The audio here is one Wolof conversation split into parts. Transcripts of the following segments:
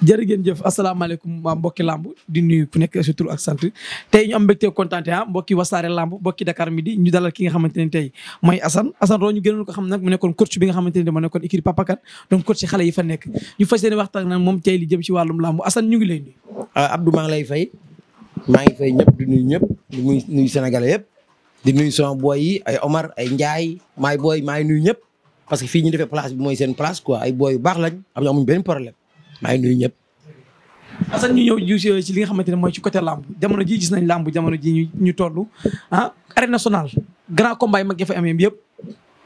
jërë ngeen jëf asalaamaaleykum waa mbokki lamb di nuyu ku nekk sa tur ak sant tey ñu am mbégte kontaante ah mbokki wasaare lamb mbokki Dakar midi ñu dalal ki nga xamante ne tey mooy Assane Assane Ro ñu gënoon ko xam nag mu nekkoon coach bi nga xamante ne moo nekkoon équipe Papa Kane donc xale yi fa nekk ñu fas yéene waxtaan nag moom tey li jëm ci wàllum lamb Assane ñu ngi lay nuyu. Ah, Abdou maa ngi lay fay maa fay ñëpp di nuyu ñëpp di nuyu Sénégalais yëpp di nuyu sama boy yi ay Omar ay Ndiaye maay boy maay nuyu ñëpp parce que fii ñu defee place bi mooy seen yu baax lañ am ñu amuñ problème maa ngi nuyu ñëpp. Assane ñu ñëw euh, ci li nga xamante ne mooy ci côté làmb jamono ji gis nañ làmb jamono ji ñu toll ah. arène nationale grand combat yi mag ya fa yëpp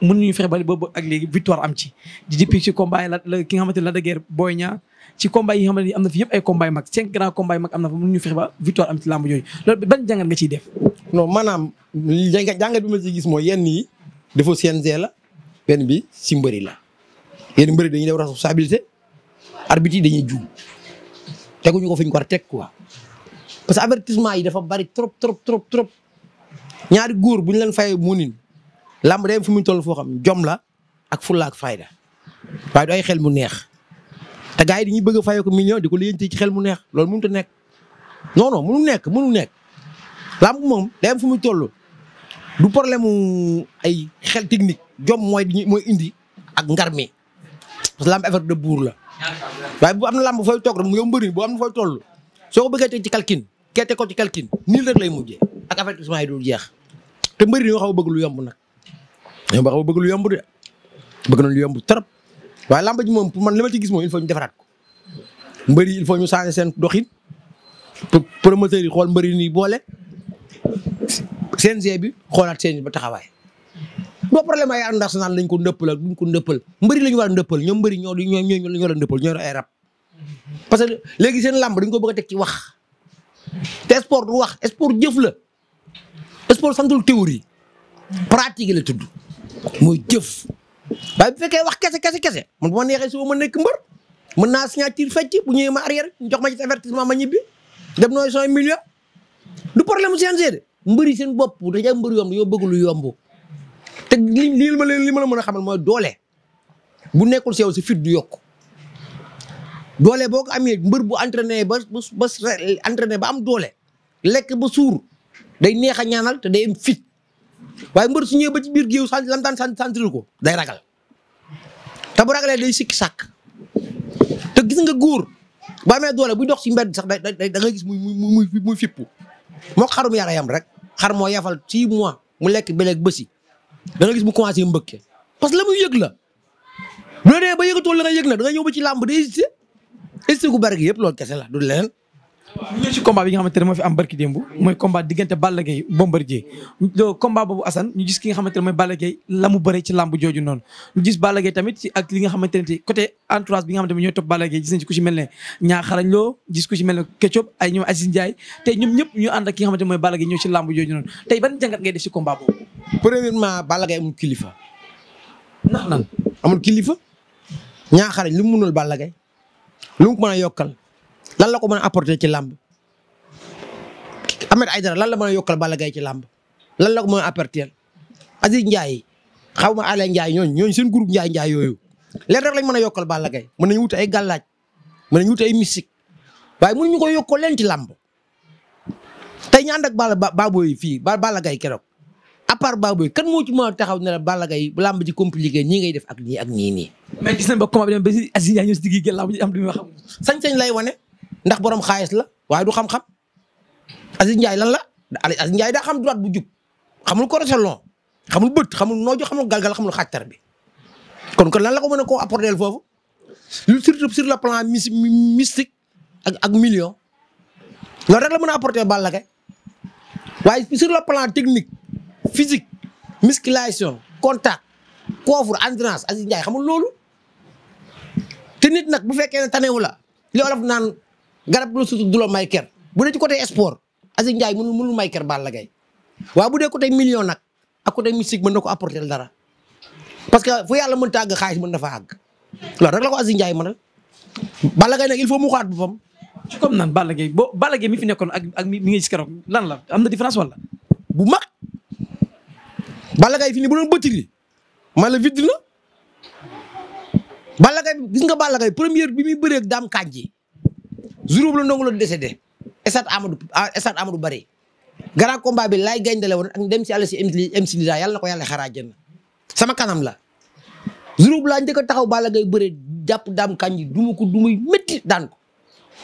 mën ñu fexe ba boobu ak léegi victoire am ci depuis ci combat yi la ki nga xamante ne la dëgër booy ñaa ci combat yi am na fi yëpp ay combat yu mag cinq grand combat mag am na fa mën ñu fexe ba victoire am ci làmb yooyu loolu ban nga ciy def. non maanaam jàngat bi ma ci gis mooy yenn defoo dafa CNG la benn bi si mbëri la yenn mbëri dañuy def responsabilité. arbitre yi dañuy juum teguñu ko fi ñu ko war a teg quoi parce que avertissement yi dafa bari trop trop trop trop ñaari góor bu ñu leen fayee munin làmb day fu mu toll foo xam jom la ak fulla ak fayda waaye du ay xel mu neex te gars yi dañuy bëgg a fayoo ko million di ko liggéey ci xel mu neex loolu mënut a nekk non non mënu nekk mënu nekk làmb moom day am fu mu toll du problème mu ay xel technique jom mooy indi ak ngar mi parce que làmb affaire de buur la. waaye bu am na làmb fooy toog rek yow mbëri bu am na fooy soo ko bëggee teg ci kalkin ko ci kalkin nii rek lay mujjee ak avertissement yi dul jeex te mbëri ñoo xaw a bëgg lu yomb nag ñoo xaw bëgg lu yomb de bëgg na lu yomb trop waaye làmb ji moom pour man li ma ci gis moom il faut ñu defaraat ko mbëri il faut ñu changer seen pour promoteurs yi xool mbëri ni boole CNG bi xoolaat seen ba taxawaay boo problème ay international ko ndëppal ak a ndëppal ñoom ñoo ñoo ñoo la ñu war a ndëppal ñoo parce que léegi seen làmb dañ ko bëgg a teg wax sport du wax sport jëf la sport santul théorie pratique la tudd mooy jëf waaye bu fekkee wax kese kese kese man bu ma neexee si ma nekk mbër mën naa signature fecc bu ñëwee ma arrière jox ma ci avertissement ma ñibbi dem nooy cent du problème mu CNG de mbëri seen bopp dañuy am mbëri yomb yoo bëgg lu yomb te li ma leen li ma la mën a xamal mooy doole bu nekkul si yow si fit du yokk doole boo ko amee mbër bu entraîné ba ba entraîné ba am doole lekk ba suur day neex a ñaanal te day fit waaye mbër su ñëwee ba ci biir géew sant lam sant santiril ko day ragal te bu ragalee day sikki sàkk te gis nga góor ba amee doole buy dox si mbedd sax da da nga gis muy muy fippu moo xarum yara yam rek xar moo yafal six mois mu lekk beleeg bësi da gis mu commencé mbëkke parce que la muy yëg la bu la demee ba yëgatool la nga yëg na ñëw ba ci lamb day hésité hésité gu bari gi yëpp loolu kese la du leneen. ñu ñëw ne moo fi am barki démb mooy combat diggante Balla Gaye Bombardier combat boobu Assane ñu gis ki nga xamante ne mooy Balla la mu ci làmb jooju noonu ñu gis Balla Gaye tamit ak li nga xamante ne côté entourage bi nga xamante ne ñooy topp Balla Gaye gis nañ ci ku ci mel ñaa xarañ loo gis ku ci mel ne Ketchup ay ñoom Aziz Ndiaye te ñoom ñëpp ñu ànd ak ki nga xamante ne mooy Balla Gaye ñëw ci làmb jooju noonu tey ban jàngat ngay ci combat premièrement Balla Gaye amul kilifa ndax nan amul kilifa ñaaxarañ lu mu mënul Balla lu mu ko mën yokkal lan la ko mën a apporter ci làmb Ahmed Aïdara lan la mën yokkal Balla Gaye ci làmb lan la ko mën a apporter Aziz Ndiaye xaw ma Alain Ndiaye ñooñu ñooñu seen groupe Ndiaye Ndiaye yooyu leen rek lañ mën a yokkal Balla Gaye mën nañu wut ay gàllaaj mën nañu wut ay mystique waaye mënuñu ko yokkal leen ci làmb tey ñu ànd ak Balla fii Balla Gaye à part Baboy kan moo ci a taxaw ne la Balla Gaye làmb ji compliqué ñii ngay def ak ñii ak ñii nii. sañ-sañ lay wane ndax borom xaalis la waaye du xam-xam Aziz Ndiaye lan la Aziz Ndiaye daa xam droite bu jub xamul correction xamul bët xamul nooju xamul galgal xamul xàttar bi kon kon lan la ko mën a koo apporter foofu lu surtout sur le plan mystique ak ak million loolu rek la mën a apporter Balla Gaye plan technique. physique musculation contact coffre endurance Aziz njaay xamul loolu te nit nag bu fekkee ne tanewu la li olof naan garab bu la sutu du la may bu dee ci côté sport Aziz Ndiaye mënul mënul may ker Balla Gaye waaw bu dee côté million nag ak côté musique mën na ko apporter dara parce que fu yàlla mënta àgg xaalis mën na fa àgg loolu rek la ko Aziz Ndiaye mën a Balla Gaye nag il faut mu xaat boppam ci comme naan Balla Gaye boo Balla Gaye mi fi nekkoon ak ak mi ngi gis keroog lan la am na différence wala Balla Gaye fii bu doon bëtiri man la vidd na Balla gis nga Balla Gaye première bi muy bëree ak daam kanji jour boobu la ndongo la décédé Esat Amadou ah, Esat Amadou Baré grand combat bi laay gayndale woon ak dem si àll si MC Lida yàlla na ko yàlla xaraa jënd sama kanam la jour boobu laa njëkk a taxaw Balla Gaye bëree jàpp daam kanji duma ko dumay métti daan ko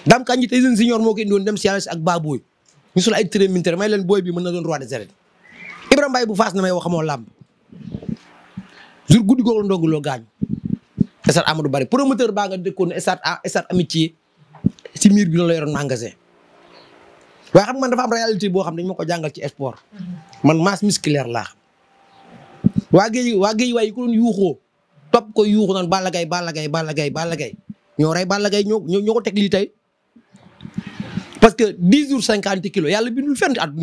daam kanji tey seen senior moo ko indiwoon dem si yàlla si ak Baboy ñu sul ay tëré militaire may leen booy bi mën na doon roi des Ibrahima Mbaye bu faas na may wax moo làmb jour guddi googu ndongo loo gaañ stade Amadou Barry promoteur baa nga dëkkoon stade stade amitié ci miir bi loolu la yoroon waaye xam man dafa am réalité boo xam dañ ma ko jàngal ci sport man masse musculaire laa xam waa géej waa waaye yi ko doon yuuxoo topp ko yuuxu naan Balla Gaye Balla Gaye Balla Gaye ñoo rey Balla Gaye ñoo ko teg parce que dix jours cinquante kilo yàlla bindul fenn at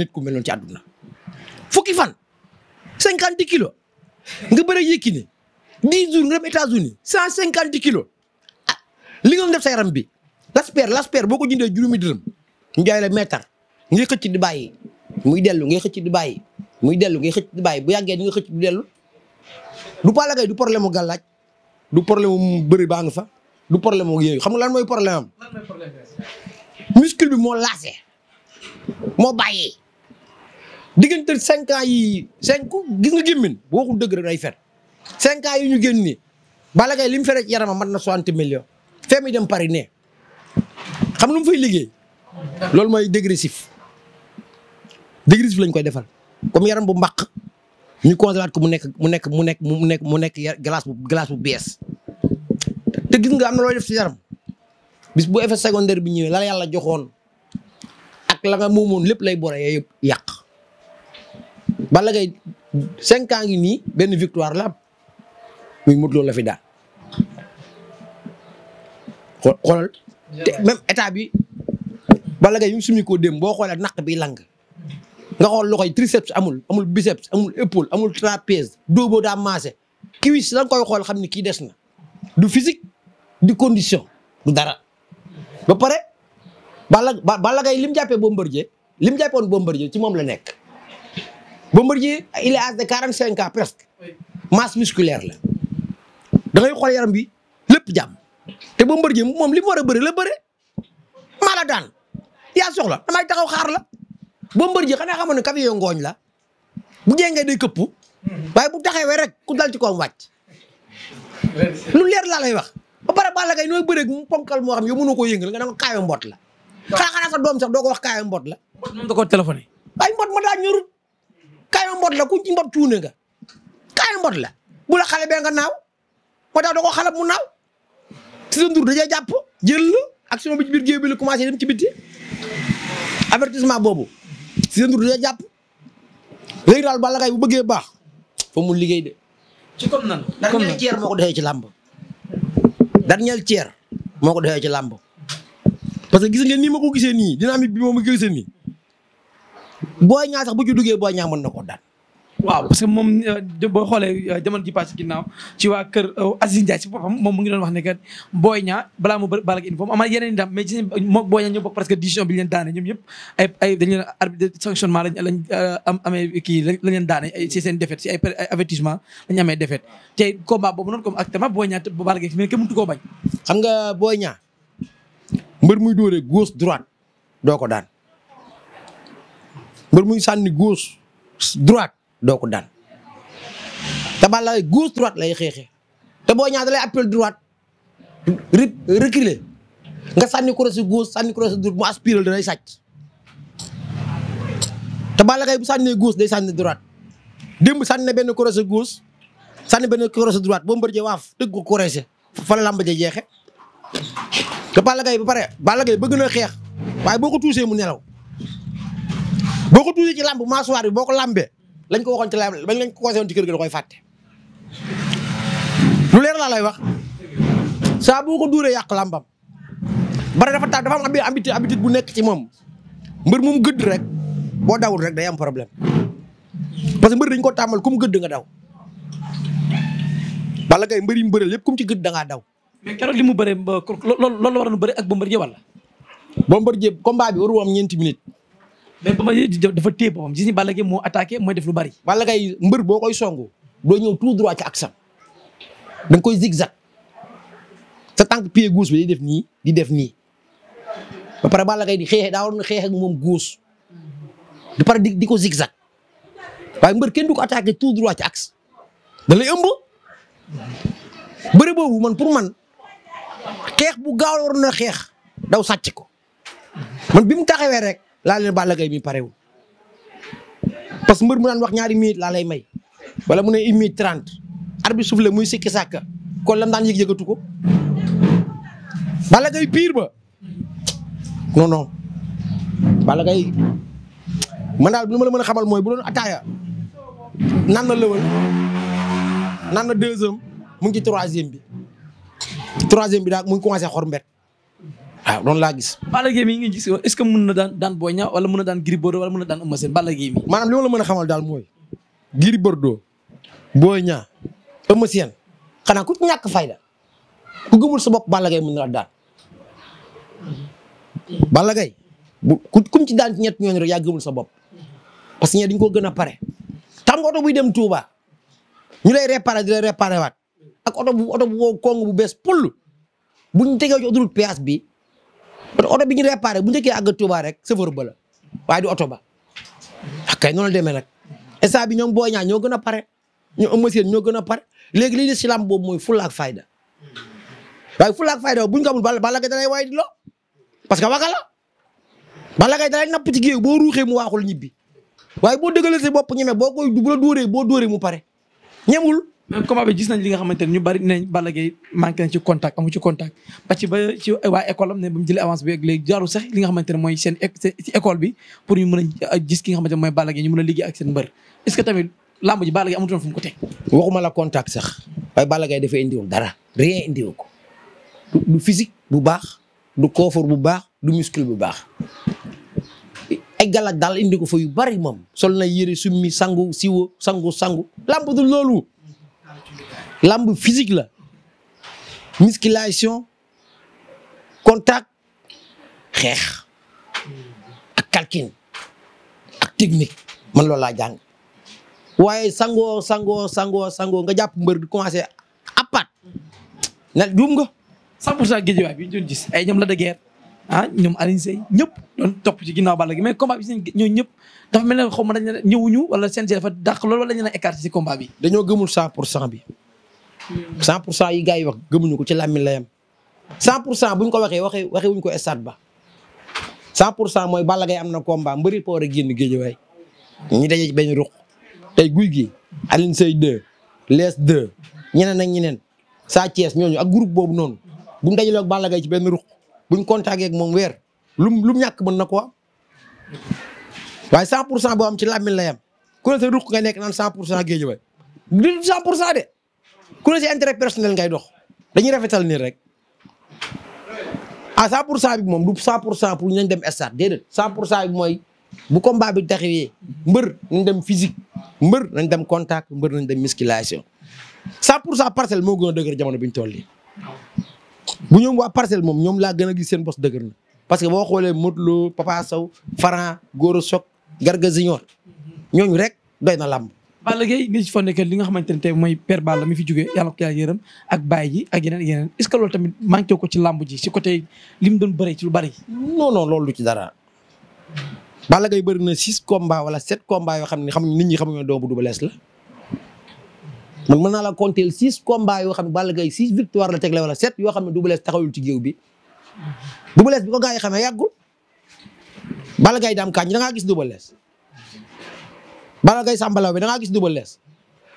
fukki fan cinquante kilos nga bëre Yékini dix jours nga dem États-Unis cent cinquante kilos ah li bi l'asper l'asper boo ko jëndee juróomi dërëm ñu jaay la meetar ngay xëcc di bàyyi muy dellu ngay xëcc di bàyyi muy dellu ngay xëcc di bàyyi bu yàggee ni nga ci di dellu du Balla Gaye du problème mu gàllaaj du problème mu bëri baa ngi fa du problème mu yooyu xam nga lan mooy problème am muscle bi moo laase moo bàyyi diggante cinq ans yi cinq gis nga gémmin boo waxul dëgg rek day fet cinq ans ñu génn nii Balla li mu fere yaram yaramam mat na soixante millions fee mi dem Paris ne xam lu mu fay liggéey loolu mooy dégressif dégressif lañ koy defal comme yaram bu mbaq ñu conservé ko mu nekk mu nekk mu nekk mu nekk mu nekk glace bu glace bu bees te gis nga am na looy def ci yaram bis bu effet secondaire bi ñëwee la yàlla joxoon ak la nga moomoon lépp lay boree yëpp yàq bala Gaye cinq ans ngi nii benn victoire la muy Modou Lo la fi daal xoolal te même état bi Balla Gaye yi mu dem boo xoolee naq bi lang nga xool loxo yi triceps amul amul biceps amul épaule amul trapèze dóoboo daa maase kiwis da nga koy xool xam ni kii des na du physique du condition du dara ba pare Balla Balla Gaye li mu jàppee Bombardier li mu jàppoon Bombardier ci moom la nekk Bombardier il est âgé de quarante cinq ans presque masse musculaire la da ngay xool yaram bi lépp jàmm te Bombardier moom li mu war a bëri la bëre maa la daan yaa soxla damay taxaw xaar la Bombardier xanaa xamoon ne kafiyo ngooñ la bu jengee day këpp waaye bu taxawee rek ku dal ci koom wàcc lu leer laa lay wax ba pare Balla Gaye nooy bëreeg mu ponkal moo xam yow mënoo koo yëngal nga ne ko mbot la xanaa xanaa sa doom sax doo ko wax kaayo mbot la moom da ko téléphoné waaye mbot ma daa ñorut kaayu mbot la ku ci mbot cuune nga kaayu mbot la bu la xale bee nga naaw moo tax da koo xalab mu naaw si sa ndur dajee jàpp jël la action bi ci biir géew bi la commencé dem ci bitti avertissement boobu si sa ndur dajee jàpp léegi daal Balla Gaye bu bëggee baax fa mu liggéey de. ci comme nan comme nan ceer moo ko defee ci làmb dernier ceer moo ko defee ci làmb parce que gis ma ko gisee nii dynamique bi moom ma gisee booy ñaa sax bu ci duggee booy ñaa mën na ko daan. waaw parce que moom euh, boo xoolee euh, jamono ji passé ginnaaw ci waa kër euh, Aziz Ndiaye si boppam moom mu ngi doon wax ne kat Boy Niang balaa mu balak in foofu amaat yeneen i dam mais ci am kii lañ leen daane si ay avertissement lañ amee défaite te combat boobu noonu comme actuellement Boy Niang balak in mais kenn mënut koo bañ xam nga Boy Niang mbër muy dóoree gauche droite doo ko daan mbër muy sànni gauche droit doo ko daan te Balla gauche droite lay xeexee te boo ñaata lay appel droite reculer nga sànni croisé gauche sànni croisé droite mu aspiré da lay sàcc te Balla Gaye bu sànnee gauche day sànni droite démb sànni na benn croisé gauche sànni benn croisé droite boo mbër je waaf dëgg ko croisé fa la làmb ja jeexe te Balla Gaye ba pare Balla Gaye bëgg na xeex waaye boo ko tuusee mu nelaw boo ko tuusee ci làmb mâchoire bi boo ko làmbee lañ ko waxoon ci làmb bañ lañ ko conseillé ci kër gi da koy fàtte. lu leer laa lay wax saa boo ko duuree yàq làmbam bare dafa tax dafa am habitude habitude bu nekk ci moom mbër mu gëdd rek boo dawul rek day am problème parce que mbër dañ ko tàmmal ku mu gëdd nga daw. Balla Gaye mbër yi mu bëreel yëpp ku ci gëdd da ngaa daw. mais keroog li mu bëree loolu la waroon a bëri ak Bombardier wala. Bombardier combat bi ñeenti minutes. mais ba ma dafa téye boppam gis ni Balla Gaye moo attaqué def lu bari. Balla Gaye mbër boo koy songu doo ñëw tout droit ci ak sam da koy zigzag sa tànk pied gauche bi di def nii di def nii ba pare Balla Gaye di xeex daa waroon xeex ak moom gauche di pare di ko zigzag waaye mbër kenn du ko attaqué tout droit ci axe da lay ëmb bëri boobu man pour man xeex bu gaaw la waroon na xeex daw sàcc ko man bi mu taxawee rek. laa leen Balla Gaye mi parewul parce que mbër mu naan wax ñaari minutes laa may wala mu ne une minute trente arbitre souffle muy sikki sàkka kon lam daan yëg yëgatu ko Balla Gaye ba non non Balla man daal lu ma la mën a xamal mooy bu doon ataaya naan na lëwal naan na deuxième mu ngi ci troisième bi troisième bi daal mu ngi commencé xor mbet ah loolu laa gis. Balla Gaye mi ngi gis est mën na daan daan Boy Niang wala mën na daan Gris Bordeaux wala mën na daan Eumeu Sène Balla Gaye mi. maanaam li ma la mën a xamal daal mooy. Gris Bordeaux. Boy Niang. Eumeu Sène. xanaa ku ñàkk fayda ku gëmul sa bopp Balla Gaye mën na daan. Balla Gaye bu ku ci daan ci ñett ñooñu rek yaa gëmul sa bopp. parce que ñee ko gën a pare. xam nga oto buy dem tuuba ñu lay réparé di lay réparé waat oto bu oto bu wow bu bees pull buñ tegee ci autoroute péage bi. parce que oto bi ñu réparé bu njëkkee àgg Touba rek chauffeur ba la waaye du oto ba ak ah, kay noonu la demee nag instant bi ñoom booy ñaa ñoo gën a pare ñoo am machine ñoo gën a pare léegi li des ci làmb boobu mooy fulla ak fayda waaye ful ak fayda bu ñu amul bala bala nga dalay waay di lo parce que waga la bala ngay dalay napp ci géew boo ruuxee mu waaxul ñibbi waaye boo dëgalee sa bopp ñeme boo koy bu la boo dóoree mu pare ñemul mais combat bi gis nañ nga xamante ne ñu bari nañ Balla Gaye manqué nañ ci contact amu ci contact ba ci ba école am ne ba mu jëlee avance bi ak léegi jaarul sax li ne mooy seen ci école bi pour ñu mën a gis ki nga ne mooy Balla Gaye ñu mën a liggéey ak seen mbër est-ce que tamit lamb ji Balla Gaye amutoon fu mu ko a waxuma la contact sax waaye Balla Gaye dafay indiwul dara rien indiwu ko du physique bu baax du koofar bu baax du muscle bu baax ay daal indi ko fa yu bari moom sol na yére summi sangu siwo sangu sangu lamb du loolu lamb physique la musculation contact xeex ak calcul a technique man loolu laa jàng waaye sangoo sangoo sangoo sangoo nga jàpp mbër di commencé appat na juum nga. 100 pour ay ñoom la dëgër ah ñoom Alioune Seye ñëpp doon topp ci ginnaaw Balla gi mais ñoo ñëpp dafa mel ne xaw ma dañ ñëwuñu wala seen dafa dàq loolu wala dañu leen a écarté combat bi. dañoo gëmul 100 pour cent bi. 100 pour cent yi gars yi wax gëmuñu ko ci làmmiñ la yem 100 pour cent buñ ko waxee waxee waxee wuñ ko stade ba 100 pour cent mooy Balla Gaye am na combat mbëri poore génn ñu ñi ci benn ruq tey guy gi Alioune Seye 2 Les 2 ñeneen ak ñeneen Sa Thiès ñooñu ak groupe boobu noonu buñ dajaloo ak Balla Gaye ci benn ruq buñ contacté ak moom weer lu lum ñàkk mën na ko am waaye 100 pour cent boo am ci làmmiñ la yem ku ne sa ruq nga nekk naan 100 pour cent géejewaay du pour ku ne si intérêt personnel ngay dox dañuy rafetal nii rek à ah, 100 pour cent bi moom du 100 pour dem stade déedéet 100 pour mooy bu combat bi taxawee mbër nañ dem physique mbër nañ dem contact mbër nañ dem musculation 100 pour cent parcelle moo gën a dëgër jamono bi ñu toll nii bu ñoom waa parcelle moom ñoom laa gën a gis seen bos dëgër na parce que boo xoolee Modou Lo Papa Sow Franc Goro Sock Garga Junior ñooñu rek doy na làmb Balla Gaye nga ci fonne que li nga xamante ne tey mooy père Balla mi fi jógee yàlla ko yàlla yërëm ak baay ji ak yeneen est ce que loolu tamit manqué ko ci làmb ji si côté li mu doon bëree ci lu bari. non non loolu ci dara. Balla Gaye bëri na six combats wala sept combats yoo xam ne xam nit ñi xamuñu ne doomu Double Less la. man mën naa la compter six combats yoo xam ne Balla Gaye six victoire la tegle wala sept yoo xam ne Double Less taxawul ci géew bi. Double Less bi ko gaa yi xamee yàggul. Balla Gaye daam kañ da ngaa gis Double Less bala Gaye Sambalaw bi da gis Double Less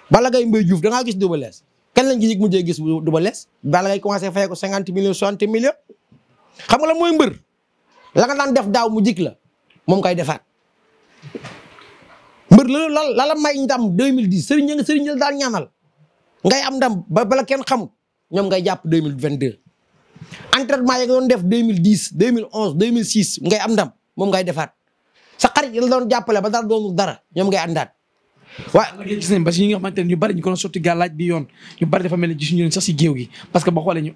bala Gaye Mbaye Diouf da gis Double Less kenn lañ gis jee gis Double Less Balla Gaye commencé fay ko cinquante millions soixante millions xam nga la mooy mbër la nga daan def daaw mu jik la moom kay defaat mbër la la la la may ndam 2010 sëriñ nga sëriñ la daan ñaanal ngay am ndam ba bala kenn xam ñoom ngay jàpp 2022 entraînement ya nga doon def 2010 2011 2006 ngay am ndam moom ngay defaat sa xarit la doon jàppale ba dara doonul dara ñoom ngay àndaat waaw gis nañ parce que ñi ne ñu bari ñu ko doon sotti gàllaaj bi yoon ñu bari dafa mel ne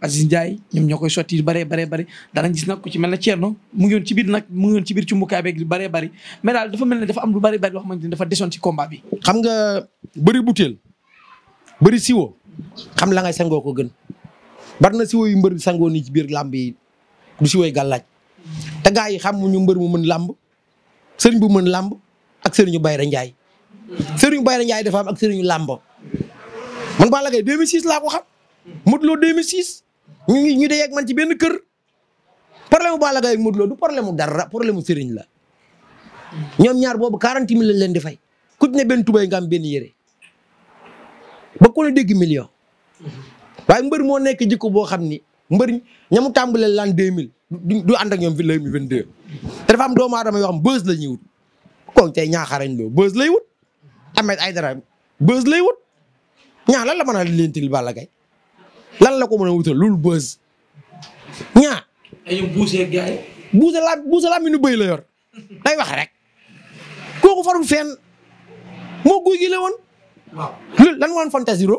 ba xoolee dafa am lu bari bari dafa desoon ci combat xam nga bëri butéel bëri siwo xam la ngay sangoo ko gën bari na siwo yu mbër bi sangoo ci biir làmb yi du siwoy gàllaaj te gaa yi xamuñu mbër mu mën làmb sëriñ bu mën làmb ak sëriñu Bayra Ndiaye sëriñu Bayra Ndiaye dafa am ak sëriñu làmb man Balla Gaye 2006 laa ko xam Modou Lo 2006 ñu ngi ñu dee ak man ci benn kër problème mu Balla Gaye ak Modou Lo du problème mu dara problème mu sëriñ la ñoom ñaar boobu 40 000 lañ leen di fay ku ne benn tubay nga am benn yére ba ku ne million waaye mbër moo nekk jikko boo xam ni mbër ñamu tàmbalee l'an 2000 du ànd ak ñoom fi lay mi 22. te dafa am doomu yoo xam bës la ñuy wut kon tey ñaaxarañ loo bës lay wut. Ahmed Aïdara bës lay wut ñaa lan la mën a lentil Balla Gaye lan la ko mën a wutal loolu bës ñaa. aywa buusee gars yi. buuse la buuse la nu bëy la yor day wax rek kooku farul fenn moo guy gi la woon. waaw lan moo fantasiro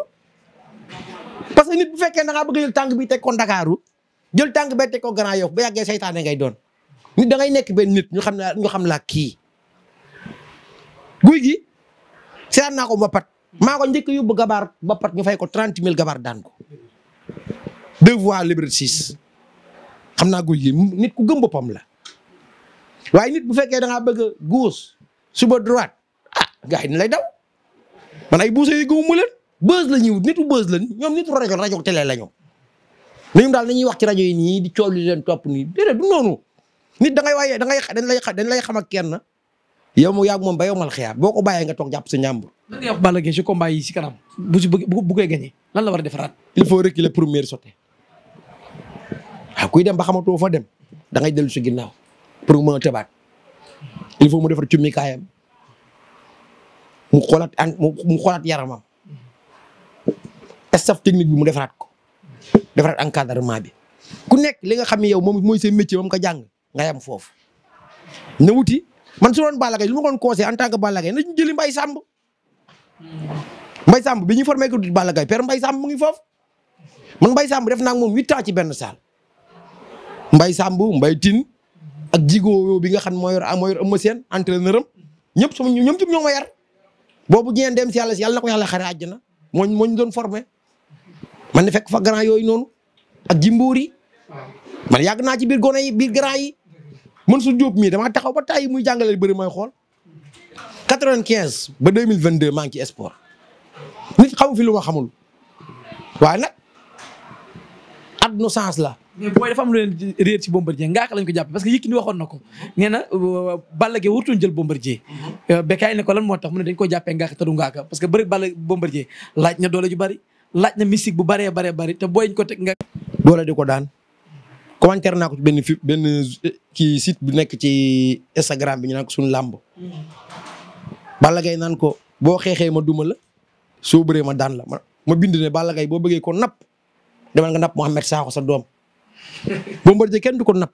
parce que nit bu fekke da ngaa bëgg a jël tànk bi teg ko Ndakaaru. jël tànk be teg ko Grand Yoff ba yàggee seytaane ngay doon nit da ngay nekk benn nit ñu xam ne ñu xam laa kii. guy gi seetaan naa ko bapat maa ko njëkk yóbbu gabaar mbapat ñu fay ko trente mille gabaar daan ko deux voies Liberté 6 xam naa guy gi nit ku gëm boppam la waaye nit bu fekkee danga ngaa bëgg a gauche suba droite ah gars yi ni lay daw man ay buuse yi gëmuma leen la ñuy wut nitu buzz la ñoom nitu rajo rajo télé la ñu ñoom daal dañuy wax ci rajo yi nii di coow leen topp nii déedéet du noonu nit da ngay waaye da ngay dañ lay dañ lay xam ak kenn yow mu yàgg moom ba yow mal boo ko bàyyee nga toog jàpp sa njàmbur. lan ngay wax Balla Gaye yi ci kanam bu ci bëgg bu koy gagné lan la war a defaraat. il faut reculer première sauté sote ah, kuy dem ba xamatoo fa dem da ngay dellu si ginnaaw pour mu mën a il faut mu defar cummi kaayam mu xoolaat mu xoolaat yaramam staff technique bi mu defaraat ko. defaraat encadrement bi ku nekk li nga xam ne yow moom mooy seen métier moom ko jàng nga yam foofu. na wuti man su doon Balla Gaye lu ma doon conseil en tant que Balla Gaye nañu jëli Mbaye Samb Mbaye Samb bi ñu formé ko Balla Gaye père Mbaye mu ngi foofu man Mbaye Samb def naa ak moom huit ans ci benn salle mbay Samb mbay Tine ak Jigo bi nga xam moo yor moo yor ëmm seen entraîneur ñëpp sama ñoom ñoom ñoo ma yar boobu ñeen dem si yàlla si yàlla na ko yala xare àjjana moo moo ñu doon formé man ne fekk fa grand yooyu noonu ak jimboor yi man yàgg naa ci biir gone yi biir grand yi man su jóob mii damaa taxaw ba tàyyi muy jàngale bari may xool 95 ba 2022 maa ngi ci sport nit xamu fi lu ma xamul waaye nag adduna sens la. mais booy dafa am lu leen réer ci Bombardier ngaaka lañ ko jàpp parce que Yékini waxoon na ko nee na euh, Balla Gaye wartuñ jël Bombardier euh, Bécaye ne ko lan moo tax mu ne dañ ko jàppee ngaaka te du ngaaka parce que bëri Balla Bombardier laaj na doole ju bari laaj na mystique bu bëree bare bëri te boo ñu ko teg nga. doole di ko daan commentaire naa ko benn fi benn ci site bu nekk ci Instagram bi ñu naan ko suñu làmb. Balla Gaye naan ko boo xeexee ma duma la soo bëree ma daan la ma bind ne Balla Gaye boo bëggee ko napp demal nga napp Mouhamed Sakho sa doom Bombardier kenn du ko napp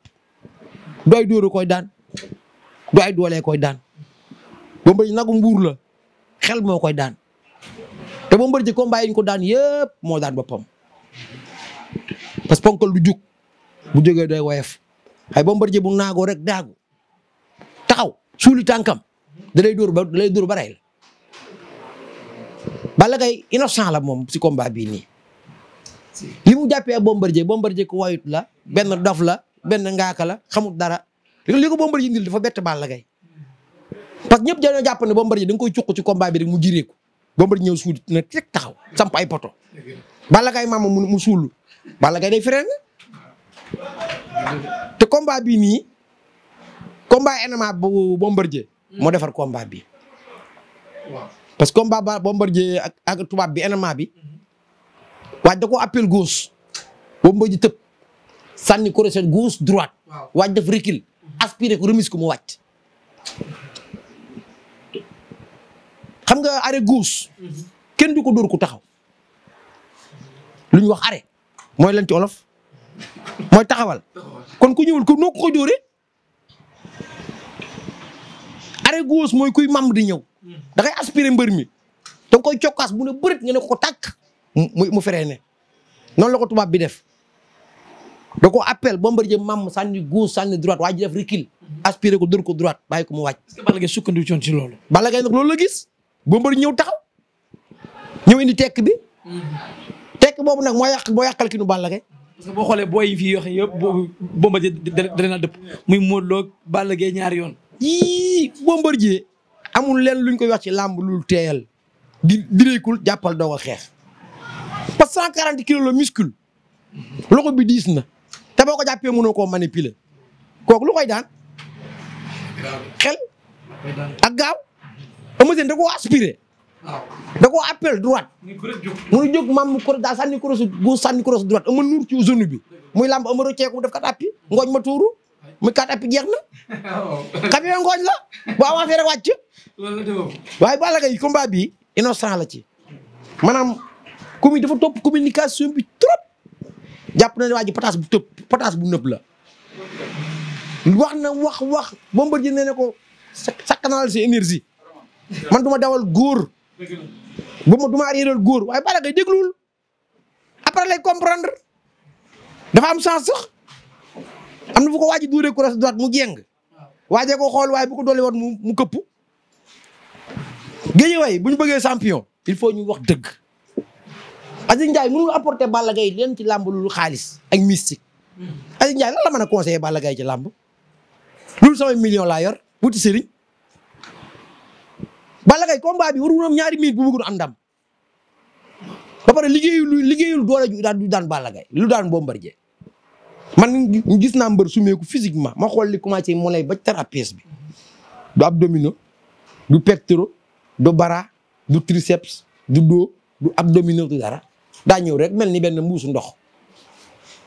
du ay koy daan du ay doolee koy daan Bombardier nagu mbuur la xel moo koy daan. Bombardier combat yi ñu ko daan yëpp moo daan boppam parce que ponkal du jug bu jógee day woyof ay Bombardier bu naagoo rek daagu taxaw suuli tànkam da lay dóor ba da lay dóor ba rey la Balla la moom si combat bii nii li mu jàppee ak Bombardier Bombardier ku wayut la benn dof la benn ngaaka la xamut dara li ko Bombardier indil dafa bett Balla Gaye parce que ñëpp dañoo jàpp ne Bombardier da nga koy cuq ci combat bi rek mu jiree Bombardier ñëw suul na teg taxaw samp ay poto. Balla Gaye maama mu suul Balla Gaye day frère te combat bii nii combat MMA bu moo defar combat bi waaw parce que combat ba Bombardier tubaab bi MMA bi waaj da ko appel gauche Bombardier tëb sànni crochet gauche droite waaj def recul aspiré ko remise ko mu wàcc xam nga arrêt gauche kenn du ko dóor ku taxaw lu ñu wax arrêt mooy lan ci olof mooy taxawal kon ku ñëwul ku noo ko dóoree arrêt gauche mooy kuy mam di ñëw da ngay aspiré mbër mi da koy cokkaas bu ne bërit nga ne ko tàkk mu mu feree ne noonu la ko tubaab bi def da ko appel Bombardier mam sànni gauche sànni droite waa ji def recul aspiré ko dóor ku droite bàyyi ko mu wàcc. est-ce que Balla loolu. Balla Gaye la gis. Bombardier ñëw taxaw ñëw indi tekk bi tekk boobu nag moo yàq moo Balla Gaye boo xoolee booy yi fii waxee yëpp boobu Bombardier da leen dëpp muy Modou Lo Balla Gaye ñaari yoon. yii Bombardier amul leen luñ koy wax ci làmb lul teeyal di direekul jàppal doog xeex parce que 140 kilos la muscule loxo bi diis na te boo ko jàppee mënoo koo manipuler kook lu koy daan xel ak gaaw. Eumeu Sène da koo aspiré. da koo appel droite. mu jóg maam mu ko daa sànni crosse gauche sànni crosse droite ama nuur ci zone bi. muy làmb ama rocceeku def kat appi ngooñ ma tuuru muy kat appi jeex na. xam nga ngooñ la bu avancé rek wàcc. waaye Balla Gaye combat bi innocent la ci. maanaam commune dafa topp communication bi trop. jàpp na ne waa pataas bu tëb pataas bu nëb la. wax na wax wax Bombardier ne ne ko sakanal si énergie. man duma dawal góor. bu ma du ma réeral góor waaye Balla Gaye déglul après lay comprendre dafa am sens am na fu ko waaj a duuree cross droite mu jéng. waajee ko xool waaye bu ko doole woon mu mu këpp. géej way bu ñu bëggee champion il faut ñu wax dëgg Aziz Ndiaye mënul apporter bala gay leen ci làmb lu xaalis ak mystique. Aziz Ndiaye lan la mën a conseiller Balla gay ci làmb loolu samay million laa yor wuti sëriñ Balla Gaye combat bi waruñu am ñaari minutes bu bëggoon am ndam ba pare liggéeyul liggéeyul doole ju daan du daan lu daan Bombardier man gis naa mbër sumeeku physiquement ma xool li commencé mu lay ba thérapeute bi du abdominaux du pectoraux du bara du triceps du dos dara daa ñëw rek mel ni benn mbuusu ndox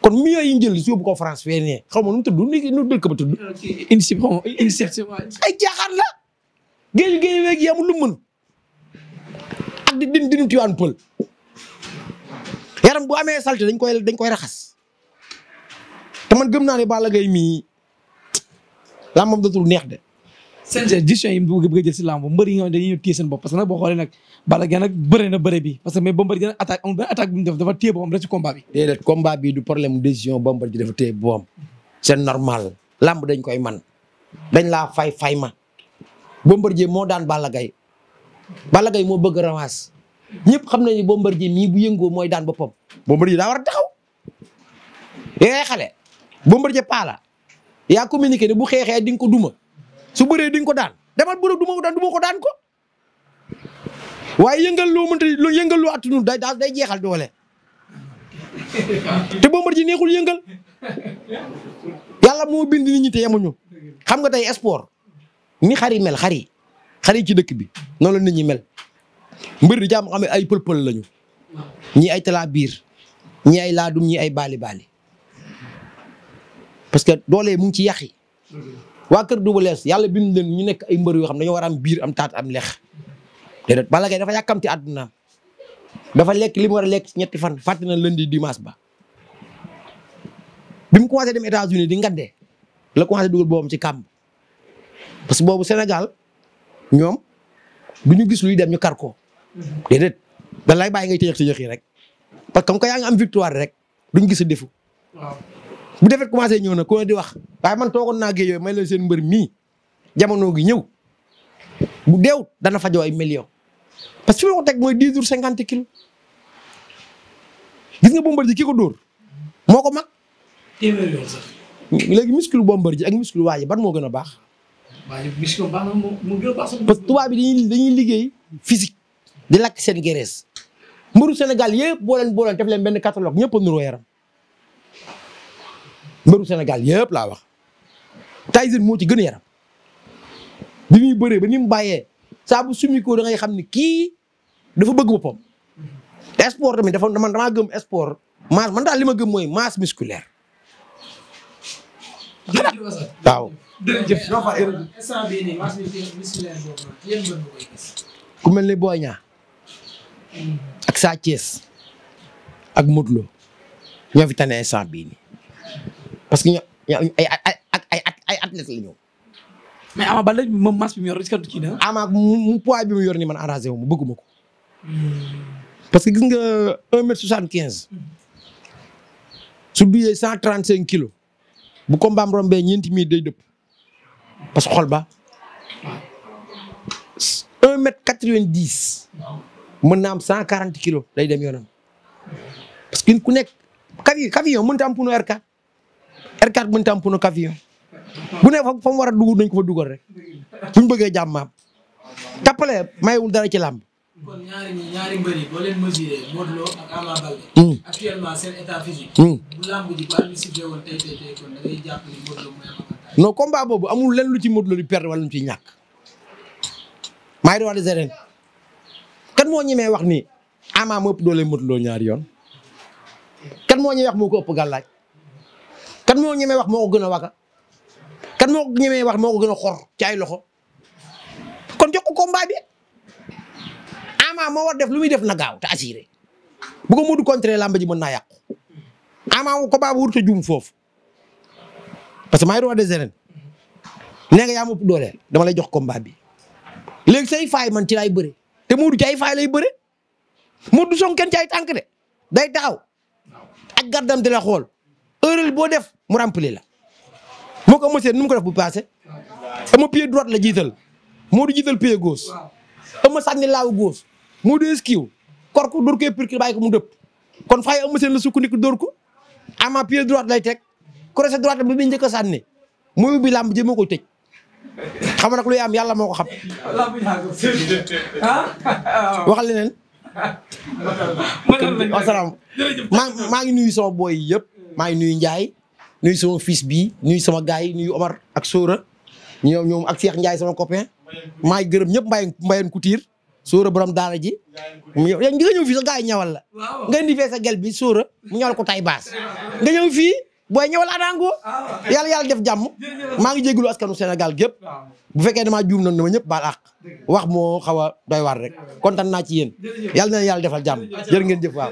kon millions yi ñu si yóbbu ko France fee nee xaw ma nu mu tudd nu dëkk ba tudd. la. géej géej weeg yi amul lu ak di din dinu tiwaan pël yaram bu amee salté dañ koy dañ koy raxas te man gëm naa ne Balla Gaye mii làmbam dootul neex de seen gestion yi mu bëgg a jël si làmb yi nga xam ne dañuy téye seen bopp parce que nag boo xoolee nag Balla Gaye nag bëre na bëre bi parce que mais Bombardier nag attaque amul benn attaque bu ñu def dafa téye boppam rek ci combat bi. déedéet combat bi du problème décision Bombardier dafa téye boppam c'est normal làmb dañ koy man dañ laa fay fay ma Bombardier moo daan Balla Gaye Balla Gaye moo bëgg revanche ñëpp xam nañu ne Bombardier mii bu yëngoo mooy daan boppam Bombardier daa war a taxaw yaa eh, xale Bombardier yaa communique ne bu xeexee di nga ko duma su bëree di ko daan demal bëre duma ko daan duma ko daan ko waaye yëngal loo mënta lu yëngal loo attunu day daal day jeexal doole te Bombardier neexul yëngal yàlla moo bind nit ñi te yemuñu xam nga tey sport ni xar mel xari yi ci dëkk bi noonu la nit ñi mel mbër di jàmm xam ne ay pël-pël lañu ñii ay talaa biir ñii ay laadum ñii ay baali baali parce que doole mu ngi ci yàq yi waa kër Double Less yàlla bind leen ñu nekk ay mbër yoo xam dañoo war am biir am taat am lex déedéet Balla Gaye dafa yàkkamti àdduna dafa lekk li mu war a lekk ñetti fan fàttali na lundi dimanche ba bi mu commencé dem États-Unis di ngaddee la commencé dugal boobam ci kàmb parce que boobu Sénégal ñoom bu ñu gis luy dem ñu kar ko déedéet da lay bàyyi ngay tëjëx tëjëx yi rek parce que comme que yaa am victoire rek duñ gis a defu. bu defet commencé ñëw na ku di wax waaye man toogoon naa géej yooyu may leen seen mbër mii jamono gi ñëw bu deewut dana fajoo ay millions parce que fi ma ko teg cinquante kilos gis nga Bombardier ji ki moo ko mag. téeméer yoon sax. léegi ji ak muscle waa ji ban moo gën a baax. waaye mission a baax bi dañuy dañuy liggéey physique di lakk seen gerees mbëru Sénégal yëpp boo leen boo leen def leen benn catalogue ñëpp a nuroo yaram mbëru Sénégal yëpp laa wax Tyson moo ci gën a yaram bi muy bëree ba ni mu bàyyee saa bu sumi ko da ngay xam ni kii dafa bëgg boppam sport tamit dafa man damaa gëm sport masse man daal li ma gëm mooy masse musculaire waaw jërëjëf ku mel ni Boy Niang ak Sa ak Modou Lo ñoo fi tane instant bii nii parce que ñoo ay ay ay ay athlètes la ñëw. mais Ama Baldé moom match bi mu yor est-ce que Ama mu poids bi mu yor ni man arrangé wu ma hmm. parce que gis nga 1 mètre 75. su duyee 135 kilos. bu combat am rombee ñeenti mi day dëpp. parce que xol ba un mètre quatre-vingt-dix mën na am cent quarante kilo lay dem yoonam parce que ku nekk cavillon cavillon mënut a am pneu R4 R4 mënut a am pneu bu ne fa mu war a dugg dañ ko fa dugal rek buñ bëggee jàmmaam tappale mayewul dara ci làmb kon ñaari hmm. hmm. ñu si woon tey tey tey kon da ngay jàpp non combat boobu amul lenn lu ci Modou Lo di perdre wala lu ciy ñàkk maa ngi doon wax kan moo ñemee wax ni Ama moo ëpp doole Modou Lo ñaari yoon kan moo ñemee wax moo ko ëpp kan moo ñemee wax moo gën a waga kan moo ñemee wax moo ko gën a xor ci ay loxo kon jox ko combat bi Ama moo war def lu muy def na gaaw te assuré bu ko Modou contrer làmb ji naa yàqu Ama ko combat bu wurtu juum foofu. parce que de roi des arènes nee nga yaa ma doole dama lay jox combat bi léegi say faay man ci laay bëre te Modou ci ay faay lay bëre Modou du song kenn ci ay tànk de day taxaw ak gardam di la xool boo def mu remplir la moo ko monsieur nu mu ko def bu passé ama pied droite la jiital Modou jiital pied gauche ama sànni laaw gauche Modou esquive kor ko dóor koy pirkir bàyyi mu dëpp kon faay ama seen la sukkandiku dóor ko ama pied droite lay teg crochet droite bi muy njëkk a sànni muy bi làmb ji moo koy tëj xam nga nag luy am yàlla moo ko xam. waxal leneen. maa maa ngi nuyu sama booy yëpp maa ngi nuyu Ndiaye nuyu sama fils bii nuyu sama gars yi nuyu Omar ak Sora ñoom ak Cheikh Ndiaye sama copain maa ngi gërëm ñëpp mbayen mbayen Couture Sora borom daara ji mu ñëw nga ñëw fii sa gars nga indi gel bi Sora mu ñawal ko baas nga ñëw fii booy ñëwal àndangu ah, yàlla yàlla def jàmm maa ngi jégalu askanu Sénégal gépp bu fekkee damaa juum noonu dama ñëpp baal àq wax moo xaw a doy war rek kontaan naa ci yéen yàlla na yàlla defal jàmm jërë ngeen jëf waaw.